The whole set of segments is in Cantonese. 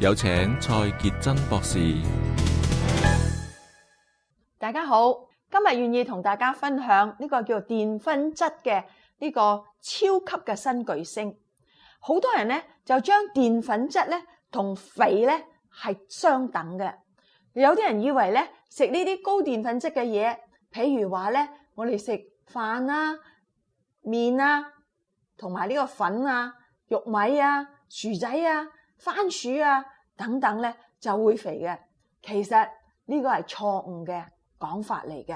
有請蔡潔珍博士。大家好，今日願意同大家分享呢個叫澱粉質嘅呢個超級嘅新巨星。好多人咧就將澱粉質咧同肥咧係相等嘅。有啲人以為咧食呢啲高澱粉質嘅嘢，譬如話咧我哋食飯啊、麵啊、同埋呢個粉啊、玉米啊、薯仔啊、番薯啊。等等咧就會肥嘅，其實呢個係錯誤嘅講法嚟嘅。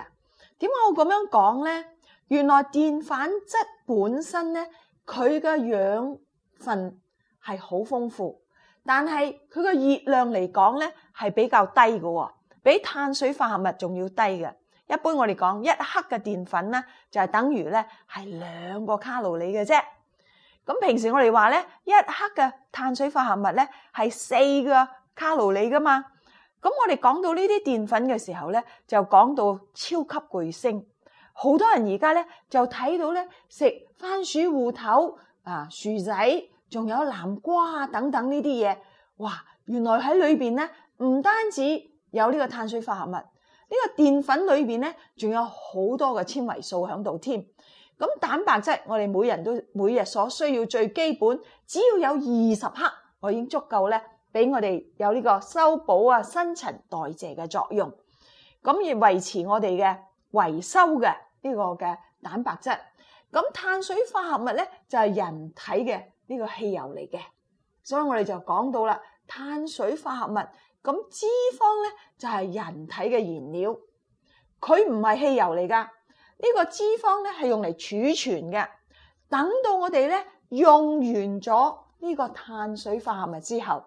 點解我咁樣講呢？原來澱粉質本身咧，佢嘅養分係好豐富，但係佢嘅熱量嚟講咧係比較低嘅喎，比碳水化合物仲要低嘅。一般我哋講一克嘅澱粉咧，就係等於咧係兩個卡路里嘅啫。咁平時我哋話咧，一克嘅碳水化合物咧係四個卡路里㗎嘛。咁我哋講到呢啲澱粉嘅時候咧，就講到超級巨星。好多人而家咧就睇到咧食番薯芋頭啊、薯仔，仲有南瓜啊等等呢啲嘢。哇！原來喺裏邊咧，唔單止有呢個碳水化合物，呢個澱粉裏邊咧，仲有好多嘅纖維素喺度添。咁蛋白質，我哋每人都每日所需要最基本，只要有二十克，我已經足夠咧，俾我哋有呢個修補啊新陳代謝嘅作用，咁而維持我哋嘅維修嘅呢個嘅蛋白質。咁碳水化合物咧就係人體嘅呢個汽油嚟嘅，所以我哋就講到啦，碳水化合物，咁脂肪咧就係人體嘅燃料，佢唔係汽油嚟噶。呢個脂肪咧係用嚟儲存嘅，等到我哋咧用完咗呢個碳水化合物之後，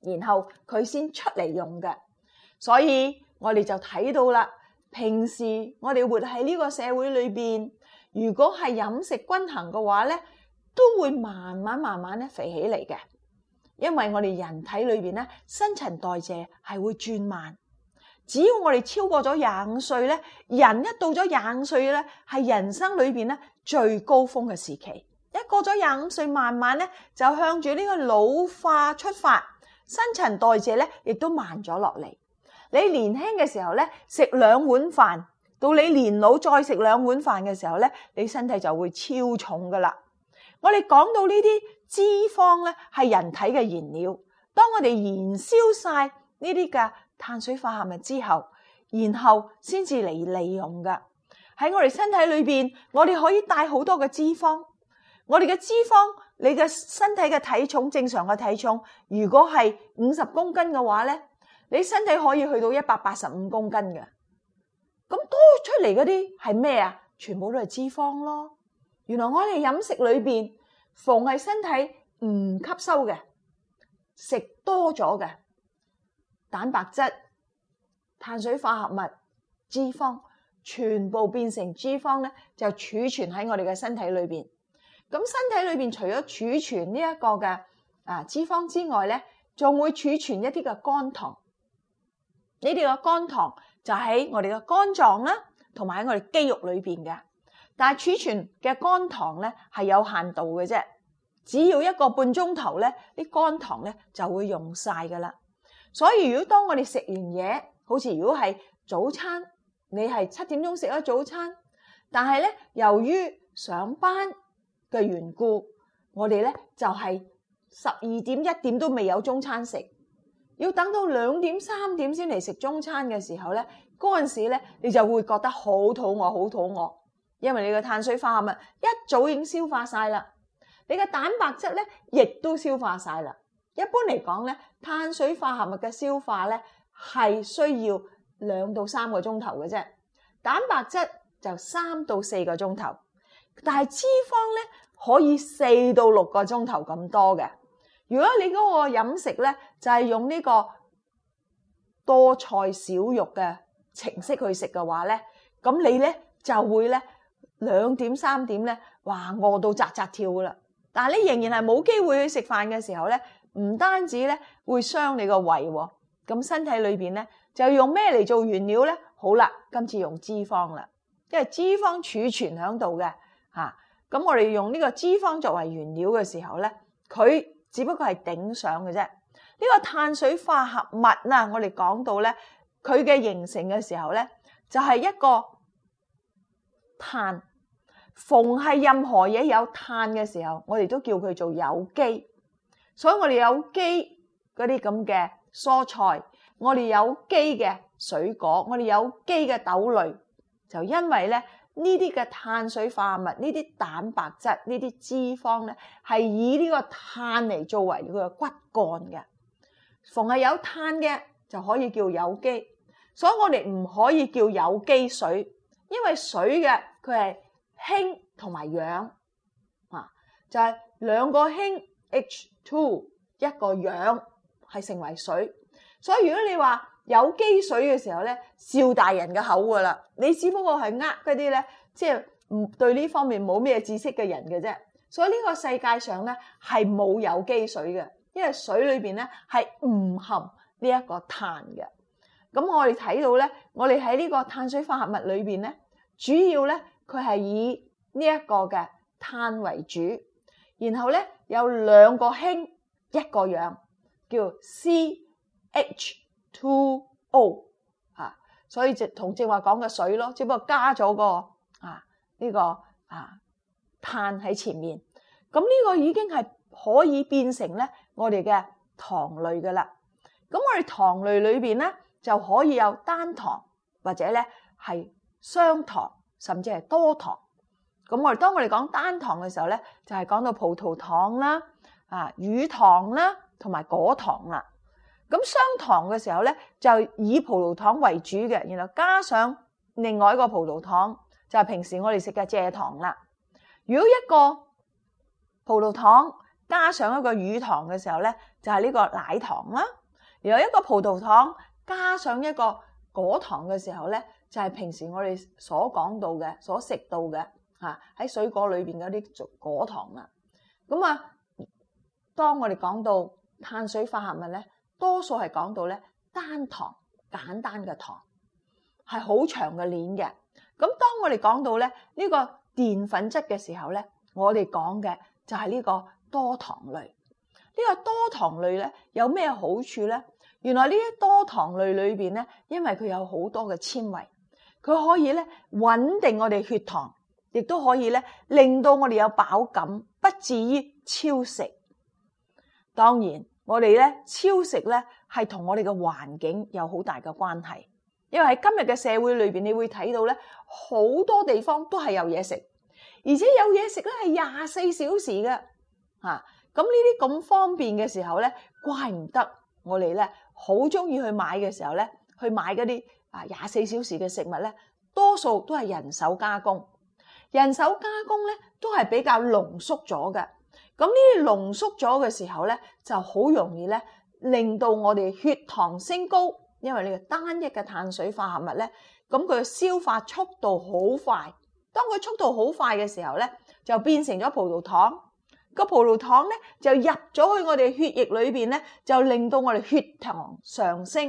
然後佢先出嚟用嘅。所以我哋就睇到啦，平時我哋活喺呢個社會裏邊，如果係飲食均衡嘅話咧，都會慢慢慢慢咧肥起嚟嘅，因為我哋人體裏邊咧新陳代謝係會轉慢。只要我哋超過咗廿五歲咧，人一到咗廿五歲咧，係人生裏邊咧最高峰嘅時期。一過咗廿五歲，慢慢咧就向住呢個老化出發，新陳代謝咧亦都慢咗落嚟。你年輕嘅時候咧食兩碗飯，到你年老再食兩碗飯嘅時候咧，你身體就會超重㗎喇。我哋講到呢啲脂肪咧係人體嘅燃料，當我哋燃燒晒呢啲㗎。碳水化合物之後，然後先至嚟利用㗎。喺我哋身體裏邊，我哋可以帶好多嘅脂肪。我哋嘅脂肪，你嘅身體嘅體重，正常嘅體重，如果係五十公斤嘅話咧，你身體可以去到一百八十五公斤嘅。咁多出嚟嗰啲係咩啊？全部都係脂肪咯。原來我哋飲食裏邊，凡係身體唔吸收嘅，食多咗嘅。蛋白質、碳水化合物、脂肪，全部變成脂肪咧，就儲存喺我哋嘅身體裏邊。咁身體裏邊除咗儲存呢一個嘅啊脂肪之外咧，仲會儲存一啲嘅肝糖。你哋嘅肝糖就喺我哋嘅肝臟啦，同埋喺我哋肌肉裏邊嘅。但係儲存嘅肝糖咧，係有限度嘅啫，只要一個半鐘頭咧，啲肝糖咧就會用晒噶啦。所以如果當我哋食完嘢，好似如果係早餐，你係七點鐘食咗早餐，但係咧由於上班嘅緣故，我哋咧就係十二點一點都未有中餐食，要等到兩點三點先嚟食中餐嘅時候咧，嗰陣時咧你就會覺得好肚餓，好肚餓，因為你個碳水化合物一早已經消化晒啦，你嘅蛋白質咧亦都消化晒啦。一般嚟講咧，碳水化合物嘅消化咧係需要兩到三個鐘頭嘅啫，蛋白質就三到四個鐘頭，但係脂肪咧可以四到六個鐘頭咁多嘅。如果你嗰個飲食咧就係、是、用呢個多菜少肉嘅程式去食嘅話咧，咁你咧就會咧兩點三點咧哇，餓到扎扎跳嘅啦！但係你仍然係冇機會去食飯嘅時候咧。唔單止咧會傷你個胃，咁身體裏邊咧就用咩嚟做原料咧？好啦，今次用脂肪啦，因為脂肪儲存喺度嘅吓，咁我哋用呢個脂肪作為原料嘅時候咧，佢只不過係頂上嘅啫。呢個碳水化合物啊，我哋講到咧，佢嘅形成嘅時候咧，就係一個碳，逢係任何嘢有碳嘅時候，我哋都叫佢做有機。所以我哋有機嗰啲咁嘅蔬菜，我哋有機嘅水果，我哋有機嘅豆類，就因為咧呢啲嘅碳水化合物、呢啲蛋白質、呢啲脂肪咧，係以呢個碳嚟作為佢嘅骨幹嘅。逢係有碳嘅就可以叫有機，所以我哋唔可以叫有機水，因為水嘅佢係氫同埋氧啊，就係兩個氫。H two 一個氧係成為水，所以如果你話有機水嘅時候咧，笑大人嘅口噶啦，你只不過係呃嗰啲咧，即係唔對呢方面冇咩知識嘅人嘅啫。所以呢個世界上咧係冇有機水嘅，因為水裏邊咧係唔含呢一個碳嘅。咁我哋睇到咧，我哋喺呢個碳水化合物裏邊咧，主要咧佢係以呢一個嘅碳為主，然後咧。有兩個氫，一個氧，叫 C H two O 啊，所以就同正話講嘅水咯，只不過加咗個啊呢個啊碳喺前面，咁呢個已經係可以變成咧我哋嘅糖類噶啦。咁我哋糖類裏邊咧就可以有單糖或者咧係雙糖，甚至係多糖。咁我哋當我哋講單糖嘅時候咧，就係講到葡萄糖啦、啊乳糖啦，同埋果糖啦。咁雙糖嘅時候咧，就以葡萄糖為主嘅，然後加上另外一個葡萄糖，就係平時我哋食嘅蔗糖啦。如果一個葡萄糖加上一個乳糖嘅時候咧，就係呢個奶糖啦。然後一個葡萄糖加上一個果糖嘅時候咧，就係平時我哋所講到嘅、所食到嘅。嚇喺水果裏邊嗰啲果糖啊，咁啊，當我哋講到碳水化合物咧，多數係講到咧單糖，簡單嘅糖，係好長嘅鏈嘅。咁當我哋講到咧呢個澱粉質嘅時候咧，我哋講嘅就係呢個多糖類。呢個多糖類咧有咩好處咧？原來呢啲多糖類裏邊咧，因為佢有好多嘅纖維，佢可以咧穩定我哋血糖。亦都可以咧，令到我哋有飽感，不至於超食。當然，我哋咧超食咧係同我哋嘅環境有好大嘅關係。因為喺今日嘅社會裏邊，你會睇到咧好多地方都係有嘢食，而且有嘢食咧係廿四小時嘅㗎。咁呢啲咁方便嘅時候咧，怪唔得我哋咧好鍾意去買嘅時候咧，去買嗰啲啊廿四小時嘅食物咧，多數都係人手加工。人手加工呢，都係比較濃縮咗嘅。咁呢啲濃縮咗嘅時候呢，就好容易呢，令到我哋血糖升高。因為呢個單一嘅碳水化合物呢，咁佢嘅消化速度好快。當佢速度好快嘅時候呢，就變成咗葡萄糖。個葡萄糖呢，就入咗去我哋血液裏面呢，就令到我哋血糖上升。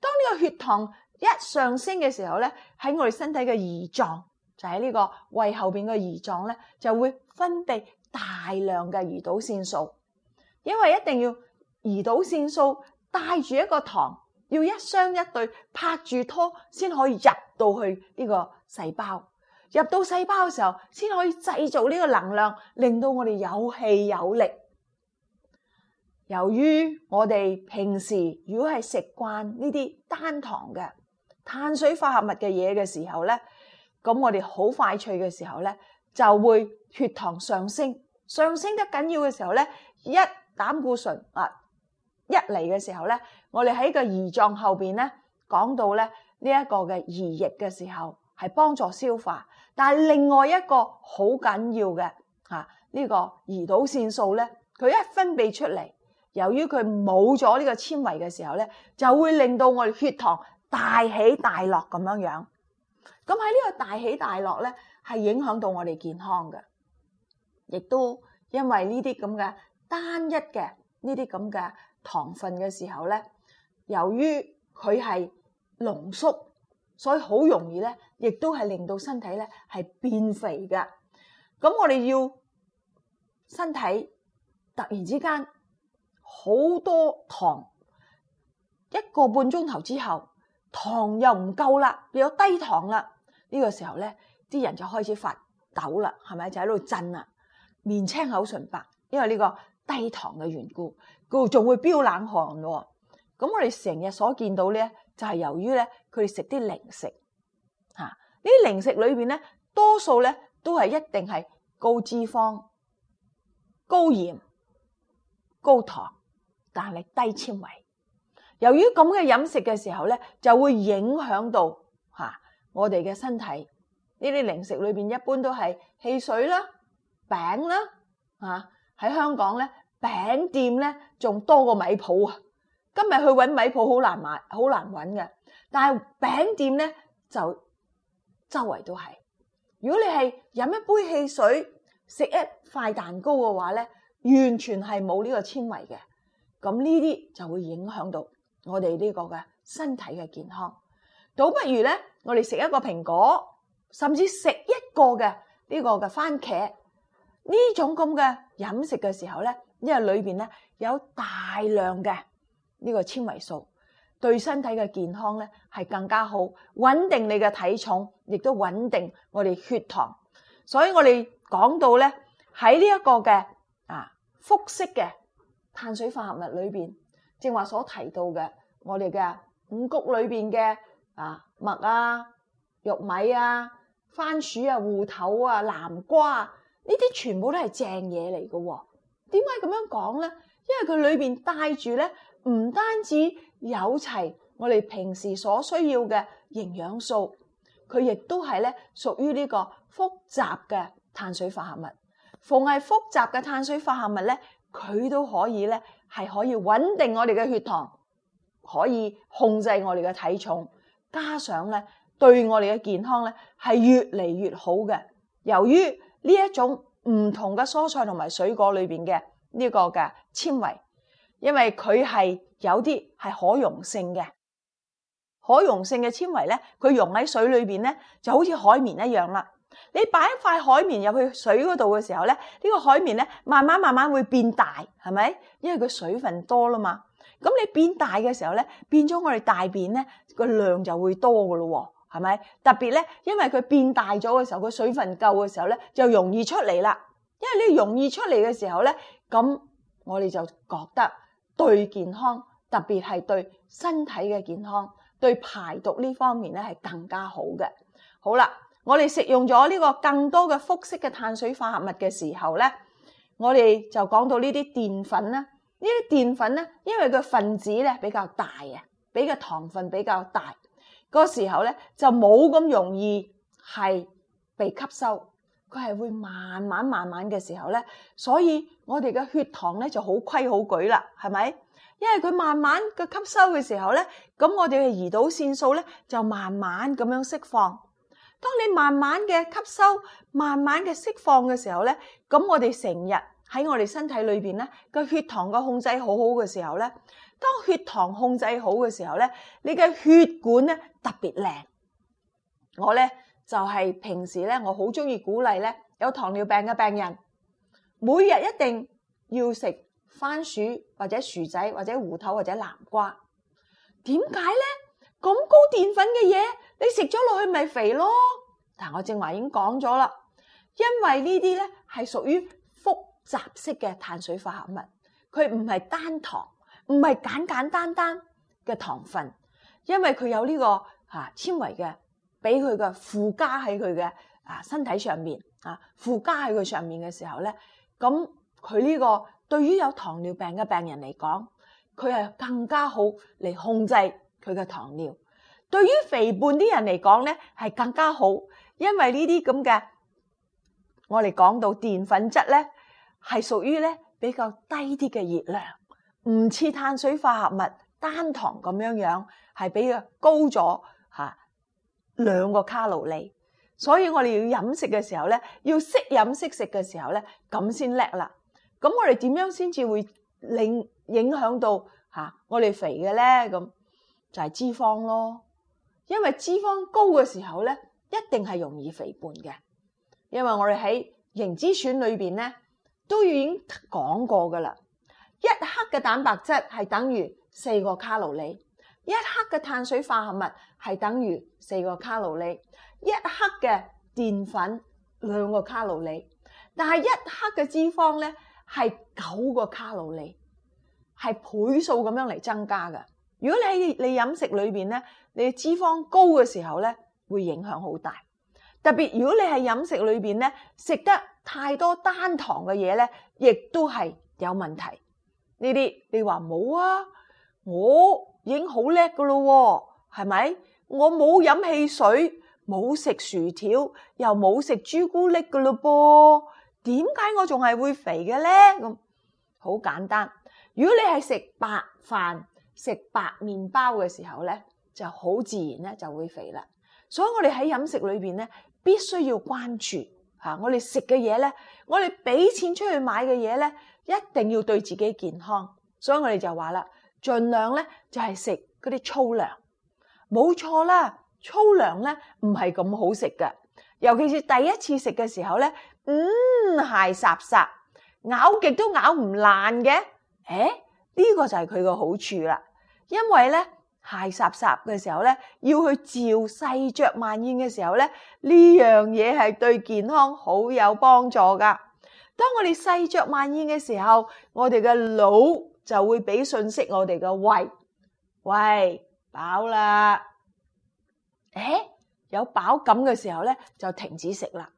當呢個血糖一上升嘅時候呢，喺我哋身體嘅胰臟，就喺呢個胃後邊嘅胰臟咧，就會分泌大量嘅胰島腺素，因為一定要胰島腺素帶住一個糖，要一雙一對拍住拖先可以入到去呢個細胞，入到細胞嘅時候，先可以製造呢個能量，令到我哋有氣有力。由於我哋平時如果係食慣呢啲單糖嘅碳水化合物嘅嘢嘅時候咧，咁我哋好快脆嘅時候咧，就會血糖上升，上升得緊要嘅時候咧，一膽固醇啊一嚟嘅時候咧，我哋喺個胰臟後邊咧講到咧呢一個嘅胰液嘅時候，係幫助消化。但係另外一個好緊要嘅嚇呢個胰島腺素咧，佢一分泌出嚟，由於佢冇咗呢個纖維嘅時候咧，就會令到我哋血糖大起大落咁樣樣。咁喺呢個大起大落咧，係影響到我哋健康㗎，亦都因為呢啲咁嘅單一嘅呢啲咁嘅糖分嘅時候咧，由於佢係濃縮，所以好容易咧，亦都係令到身體咧係變肥㗎。咁我哋要身體突然之間好多糖，一個半鐘頭之後。糖又唔夠啦，變咗低糖啦。呢個時候咧，啲人就開始發抖啦，係咪就喺度震啊？面青口唇白，因為呢個低糖嘅緣故，佢仲會飆冷汗喎。咁我哋成日所見到咧，就係由於咧，佢哋食啲零食，吓呢啲零食裏邊咧，多數咧都係一定係高脂肪、高鹽、高糖，但係低纖維。由於咁嘅飲食嘅時候咧，就會影響到嚇我哋嘅身體。呢啲零食裏邊一般都係汽水啦、餅啦。嚇喺香港咧，餅店咧仲多過米鋪啊！今日去揾米鋪好難買，好難揾嘅。但係餅店咧就周圍都係。如果你係飲一杯汽水、食一塊蛋糕嘅話咧，完全係冇呢個纖維嘅。咁呢啲就會影響到。我哋呢個嘅身體嘅健康，倒不如呢，我哋食一個蘋果，甚至食一個嘅呢個嘅番茄，呢種咁嘅飲食嘅時候呢，因為裏邊呢有大量嘅呢個纖維素，對身體嘅健康呢係更加好，穩定你嘅體重，亦都穩定我哋血糖。所以我哋講到呢，喺呢一個嘅啊，複式嘅碳水化合物裏邊。正話所提到嘅，我哋嘅五穀裏邊嘅啊麥啊、玉米啊、番薯啊、芋頭啊、南瓜啊呢啲，這些全部都係正嘢嚟嘅。點解咁樣講咧？因為佢裏邊帶住咧，唔單止有齊我哋平時所需要嘅營養素，佢亦都係咧屬於呢個複雜嘅碳水化合物。逢係複雜嘅碳水化合物咧，佢都可以咧。係可以穩定我哋嘅血糖，可以控制我哋嘅體重，加上咧對我哋嘅健康咧係越嚟越好嘅。由於呢一種唔同嘅蔬菜同埋水果裏邊嘅呢個嘅纖維，因為佢係有啲係可溶性嘅，可溶性嘅纖維咧，佢溶喺水裏邊咧就好似海綿一樣啦。你擺一塊海綿入去水嗰度嘅時候咧，呢個海綿咧慢慢慢慢會變大，係咪？因為佢水分多啦嘛。咁你變大嘅時候咧，變咗我哋大便咧個量就會多噶咯，係咪？特別咧，因為佢變大咗嘅時候，個水分夠嘅時候咧，就容易出嚟啦。因為你容易出嚟嘅時候咧，咁我哋就覺得對健康，特別係對身體嘅健康，對排毒呢方面咧係更加好嘅。好啦。我哋食用咗呢個更多嘅複式嘅碳水化合物嘅時候咧，我哋就講到呢啲澱粉啦。呢啲澱粉咧，因為個分子咧比較大啊，比個糖分比較大。嗰時候咧就冇咁容易係被吸收，佢係會慢慢慢慢嘅時候咧，所以我哋嘅血糖咧就好規好矩啦，係咪？因為佢慢慢個吸收嘅時候咧，咁我哋嘅胰島素咧就慢慢咁樣釋放。當你慢慢嘅吸收，慢慢嘅釋放嘅時候咧，咁我哋成日喺我哋身體裏邊咧，個血糖嘅控制好好嘅時候咧，當血糖控制好嘅時候咧，你嘅血管咧特別靚。我咧就係平時咧，我好中意鼓勵咧有糖尿病嘅病人，每日一定要食番薯或者薯仔或者芋頭或者南瓜。點解咧？咁高澱粉嘅嘢？你食咗落去咪肥咯？但我正話已經講咗啦，因為呢啲呢係屬於複雜式嘅碳水化合物，佢唔係單糖，唔係簡簡單單嘅糖分，因為佢有呢個吓纖維嘅，俾佢嘅附加喺佢嘅啊身體上面啊，附加喺佢上面嘅時候呢。咁佢呢個對於有糖尿病嘅病人嚟講，佢係更加好嚟控制佢嘅糖尿。對於肥胖啲人嚟講呢，係更加好，因為呢啲咁嘅我哋講到澱粉質呢，係屬於呢比較低啲嘅熱量，唔似碳水化合物單糖咁樣樣係比較高咗嚇兩個卡路里。所以我哋要飲食嘅時候呢，要識飲識食嘅時候呢，咁先叻啦。咁我哋點樣先至會令影響到嚇我哋肥嘅呢？咁就係脂肪咯。因為脂肪高嘅時候呢，一定係容易肥胖嘅。因為我哋喺營脂選裏邊呢，都已經講過噶啦。一克嘅蛋白質係等於四個卡路里，一克嘅碳水化合物係等於四個卡路里，一克嘅澱粉兩個卡路里，但係一克嘅脂肪呢，係九個卡路里，係倍數咁樣嚟增加嘅。如果你喺你飲食裏邊咧，你脂肪高嘅時候咧，會影響好大。特別如果你喺飲食裏邊咧，食得太多單糖嘅嘢咧，亦都係有問題。呢啲你話冇啊？我已經好叻噶咯，係咪？我冇飲汽水，冇食薯條，又冇食朱古力噶咯噃？點解我仲係會肥嘅咧？咁好簡單。如果你係食白飯，食白麵包嘅時候咧，就好自然咧就會肥啦。所以我哋喺飲食裏邊咧，必須要關注吓，啊，我哋食嘅嘢咧，我哋俾錢出去買嘅嘢咧，一定要對自己健康。所以我哋就話啦，盡量咧就係食嗰啲粗糧，冇錯啦。粗糧咧唔係咁好食㗎，尤其是第一次食嘅時候咧，嗯鞋霎霎，咬極都咬唔爛嘅，誒。呢個就係佢個好處啦，因為咧，揩垃圾嘅時候咧，要去照細嚼慢嚥嘅時候咧，呢樣嘢係對健康好有幫助噶。當我哋細嚼慢嚥嘅時候，我哋嘅腦就會俾信息我哋嘅胃，喂飽啦，誒有飽感嘅時候咧就停止食啦。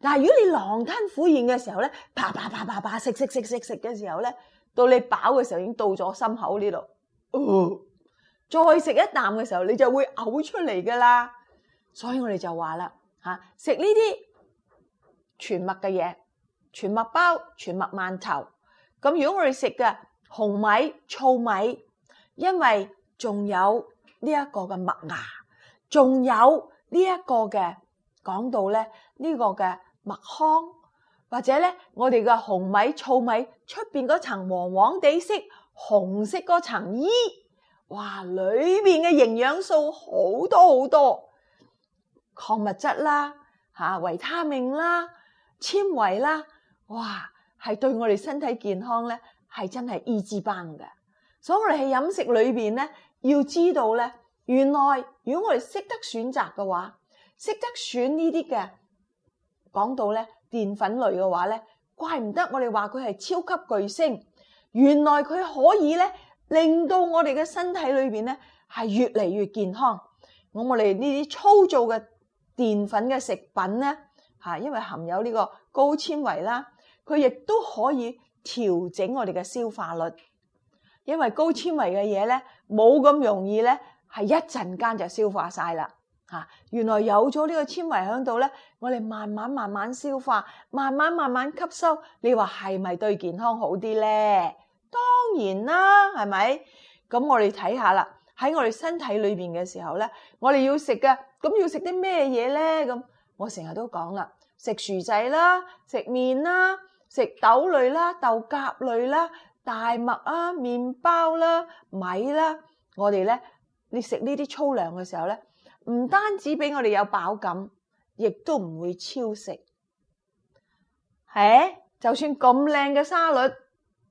但係如果你狼吞虎嚥嘅時候咧，啪啪啪啪啪食食食食食嘅時候咧。到你飽嘅時候已經到咗心口呢度、呃，再食一啖嘅時候你就會嘔出嚟㗎啦。所以我哋就話啦吓，食呢啲全麥嘅嘢，全麥包、全麥饅頭。咁如果我哋食嘅紅米、糙米，因為仲有呢一個嘅麥芽，仲有呢一個嘅講到咧呢個嘅麥糠。或者咧，我哋嘅紅米、糙米出邊嗰層黃黃地色、紅色嗰層衣、e,，哇，裏邊嘅營養素好多好多，礦物質啦、吓、啊、維他命啦、纖維啦，哇，係對我哋身體健康咧，係真係一級棒嘅。所以我哋喺飲食裏邊咧，要知道咧，原來如果我哋識得選擇嘅話，識得選呢啲嘅，講到咧。澱粉類嘅話咧，怪唔得我哋話佢係超級巨星，原來佢可以咧令到我哋嘅身體裏邊咧係越嚟越健康。咁我哋呢啲粗糙嘅澱粉嘅食品咧，吓，因為含有呢個高纖維啦，佢亦都可以調整我哋嘅消化率，因為高纖維嘅嘢咧冇咁容易咧係一陣間就消化晒啦。吓，原來有咗呢個纖維喺度咧，我哋慢慢慢慢消化，慢慢慢慢吸收，你話係咪對健康好啲咧？當然啦，係咪？咁我哋睇下啦，喺我哋身體裏邊嘅時候咧，我哋要食嘅，咁要食啲咩嘢咧？咁我成日都講啦，食薯仔啦，食麵啦，食豆類啦，豆莢類啦，大麥啊，麵包啦，米啦，我哋咧，你食呢啲粗糧嘅時候咧。唔單止俾我哋有飽感，亦都唔會超食。誒、哎，就算咁靚嘅沙律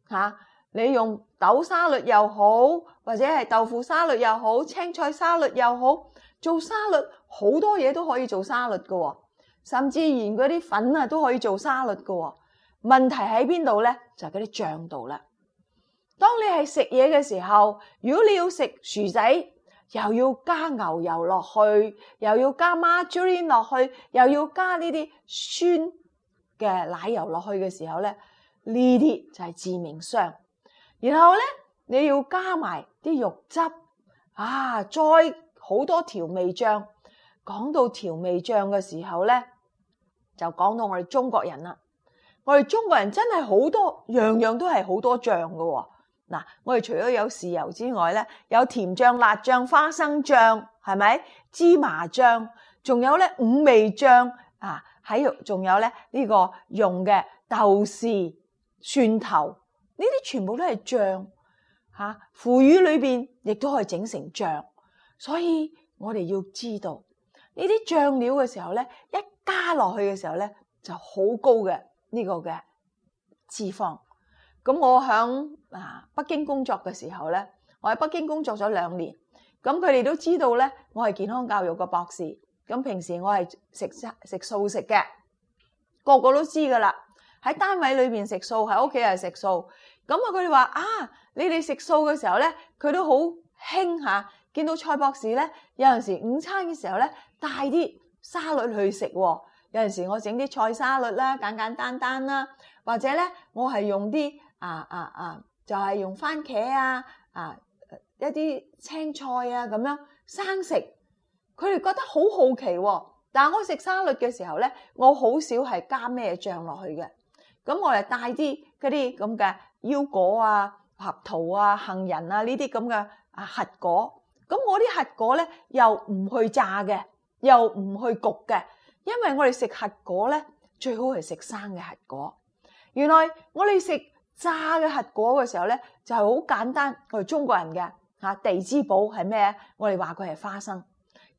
吓、啊，你用豆沙律又好，或者係豆腐沙律又好，青菜沙律又好，做沙律好多嘢都可以做沙律喎、哦。甚至連嗰啲粉啊都可以做沙律喎、哦。問題喺邊度呢？就係嗰啲醬度啦。當你係食嘢嘅時候，如果你要食薯仔。又要加牛油落去，又要加馬朱連落去，又要加呢啲酸嘅奶油落去嘅時候咧，呢啲就係致命傷。然後咧，你要加埋啲肉汁啊，再好多調味醬。講到調味醬嘅時候咧，就講到我哋中國人啦。我哋中國人真係好多，樣樣都係好多醬噶哦。嗱、啊，我哋除咗有豉油之外咧，有甜醬、辣醬、花生醬，係咪？芝麻醬，仲有咧五味醬啊，喺仲有咧呢、呢個用嘅豆豉、蒜頭，呢啲全部都係醬吓。腐乳裏邊亦都可以整成醬，所以我哋要知道呢啲醬料嘅時候咧，一加落去嘅時候咧，就好高嘅呢、呢個嘅脂肪。咁我喺啊北京工作嘅時候咧，我喺北京工作咗兩年。咁佢哋都知道咧，我係健康教育個博士。咁平時我係食食素食嘅，個個都知噶啦。喺單位裏邊食素，喺屋企係食素。咁啊，佢哋話啊，你哋食素嘅時候咧，佢都好興吓。見到蔡博士咧，有陣時午餐嘅時候咧，帶啲沙律去食，啊。有陣時我整啲菜沙律啦，啊，簡簡單單啦，啊，或者咧，我係用啲。啊啊啊！就係用番茄啊啊一啲青菜啊咁樣生食，佢哋覺得好好奇喎。但係我食沙律嘅時候咧，我好少係加咩醬落去嘅。咁我哋帶啲嗰啲咁嘅腰果啊、核桃啊、杏仁啊呢啲咁嘅核果。咁我啲核果咧又唔去炸嘅，又唔去焗嘅，因為我哋食核果咧最好係食生嘅核果。原來我哋食。炸嘅核果嘅時候咧，就係、是、好簡單。我哋中國人嘅地之寶係咩？我哋話佢係花生。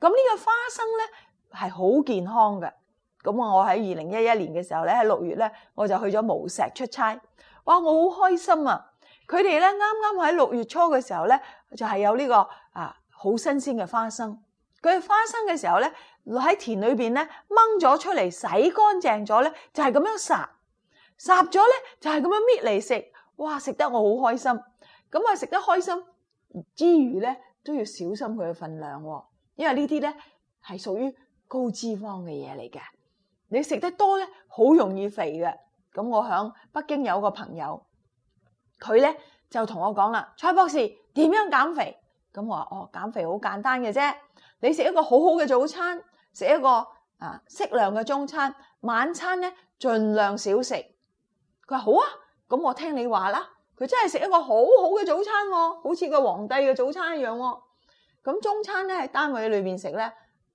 咁呢個花生咧係好健康嘅。咁我喺二零一一年嘅時候咧，喺六月咧，我就去咗無錫出差。哇！我好開心啊！佢哋咧啱啱喺六月初嘅時候咧，就係、是、有呢、這個啊好新鮮嘅花生。佢花生嘅時候咧，喺田裏邊咧掹咗出嚟，洗乾淨咗咧，就係、是、咁樣烚。烚咗咧就係咁樣搣嚟食，哇，食得我好開心，咁啊食得開心之餘咧都要小心佢嘅份量，哦，因為呢啲咧係屬於高脂肪嘅嘢嚟嘅，你食得多咧好容易肥嘅。咁我響北京有個朋友，佢咧就同我講啦，蔡博士點樣減肥？咁我話哦，減肥好簡單嘅啫，你食一個好好嘅早餐，食一個啊適量嘅中餐，晚餐咧盡量少食。佢話好啊，咁我聽你話啦。佢真係食一個好好嘅早餐喎、哦，好似個皇帝嘅早餐一樣喎、哦。咁中餐咧喺單位裏面食咧，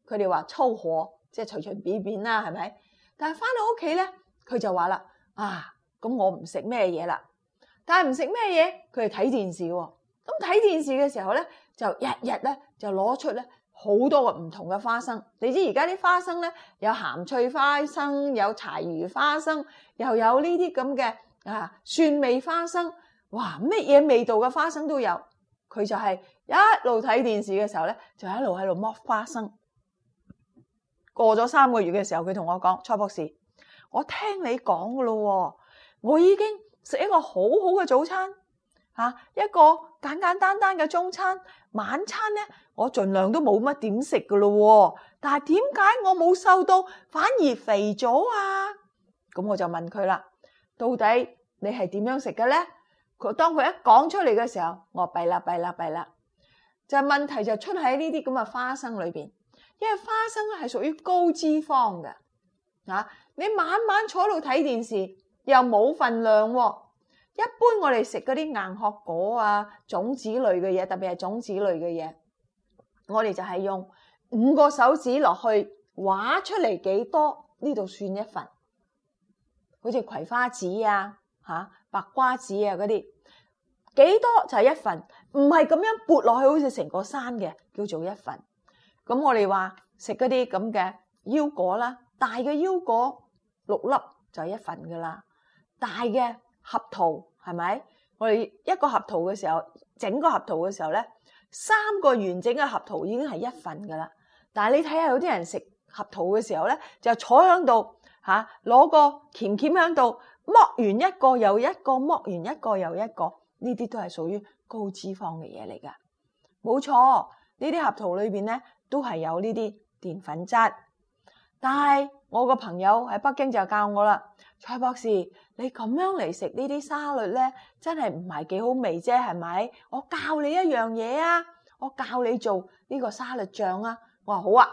佢哋話粗火，即係隨隨便便啦，係咪？但係翻到屋企咧，佢就話啦：啊，咁我唔食咩嘢啦。但係唔食咩嘢，佢係睇電視喎、哦。咁睇電視嘅時候咧，就日日咧就攞出咧。好多個唔同嘅花生，你知而家啲花生咧有鹹脆花生，有柴魚花生，又有呢啲咁嘅啊蒜味花生，哇，乜嘢味道嘅花生都有。佢就係一路睇電視嘅時候咧，就一路喺度剝花生。過咗三個月嘅時候，佢同我講：蔡博士，我聽你講嘅咯，我已經食一個好好嘅早餐，啊，一個簡簡單單嘅中餐，晚餐咧。我盡量都冇乜點食噶咯，但係點解我冇瘦到，反而肥咗啊？咁我就問佢啦，到底你係點樣食嘅咧？當佢一講出嚟嘅時候，我弊啦弊啦弊啦，就問題就出喺呢啲咁嘅花生裏邊，因為花生係屬於高脂肪嘅啊。你晚晚坐到睇電視又冇份量，一般我哋食嗰啲硬殼果啊、種子類嘅嘢，特別係種子類嘅嘢。我哋就係用五個手指落去畫出嚟，幾多呢度算一份，好似葵花籽啊、吓、啊、白瓜子啊嗰啲，幾多就係一份，唔係咁樣撥落去好似成個山嘅叫做一份。咁我哋話食嗰啲咁嘅腰果啦，大嘅腰果六粒就係一份㗎喇，大嘅合桃係咪？我哋一個合桃嘅時候，整個合桃嘅時候咧，三個完整嘅合桃已經係一份噶啦，但係你睇下有啲人食合桃嘅時候咧，就坐喺度嚇，攞個鉗鉗喺度，剝完一個又一個，剝完一個又一個，呢啲都係屬於高脂肪嘅嘢嚟噶，冇錯。呢啲合桃裏邊咧都係有呢啲澱粉質，但係我個朋友喺北京就教我啦，蔡博士。你咁樣嚟食呢啲沙律咧，真係唔係幾好味啫？係咪？我教你一樣嘢啊！我教你做呢個沙律醬啊！我話好啊！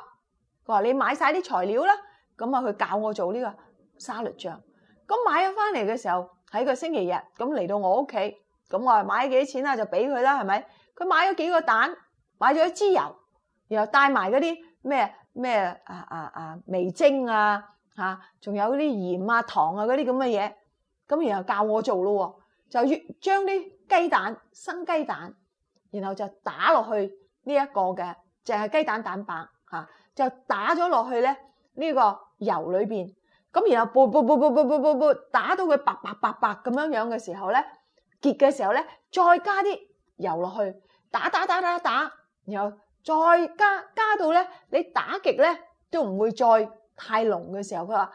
佢話你買晒啲材料啦，咁啊佢教我做呢個沙律醬。咁買咗翻嚟嘅時候喺個星期日咁嚟到我屋企，咁我話買幾錢啦、啊？就俾佢啦，係咪？佢買咗幾個蛋，買咗一支油，然後帶埋嗰啲咩咩啊啊啊味、啊、精啊仲、啊、有嗰啲鹽啊糖啊嗰啲咁嘅嘢。咁然後教我做咯，就將啲雞蛋生雞蛋，然後就打落去呢、這、一個嘅，淨係雞蛋蛋白、啊、就打咗落去咧呢個油裏面。咁然後啵啵啵啵啵啵啵打到佢白白白白咁樣樣嘅時候咧，結嘅時候咧，再加啲油落去打，打打打打打，然後再加加到咧你打極咧都唔會再太濃嘅時候，佢話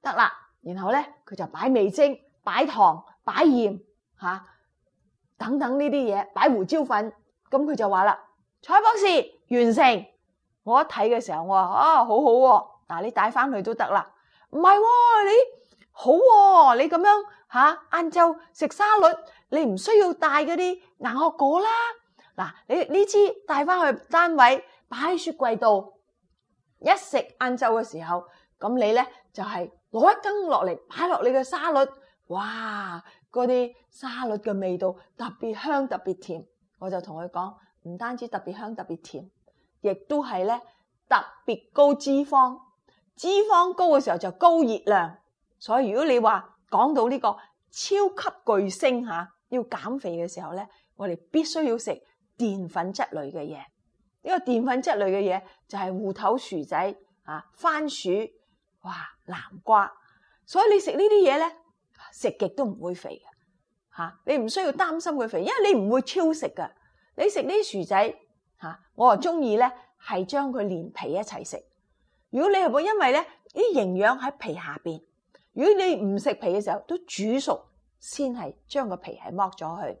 得啦，然後咧佢就擺味精。擺糖、擺鹽吓，等等呢啲嘢，擺胡椒粉。咁佢就話啦，蔡博士，完成。我一睇嘅時候，我話啊，好好喎。嗱，你帶翻去都得啦。唔係喎，你好喎，你咁樣吓，晏晝食沙律，你唔需要帶嗰啲硬殼果啦。嗱，你呢支帶翻去單位，擺喺雪櫃度。一食晏晝嘅時候，咁你咧就係攞一羹落嚟，擺落你嘅沙律。哇！嗰啲沙律嘅味道特別香，特別甜。我就同佢講，唔單止特別香特別甜，亦都係咧特別高脂肪。脂肪高嘅時候就高熱量，所以如果你話講到呢個超級巨星吓、啊、要減肥嘅時候咧，我哋必須要食澱粉質類嘅嘢。呢、呢個澱粉質類嘅嘢就係芋頭、薯仔啊、番薯、哇、南瓜。所以你食呢啲嘢咧～食極都唔會肥嘅，吓，你唔需要擔心佢肥，因為你唔會超食㗎。你食呢啲薯仔，吓，我啊中意咧，係將佢連皮一齊食。如果你係會因為呢啲營養喺皮下面，如果你唔食皮嘅時候，都煮熟先係將個皮係剝咗去。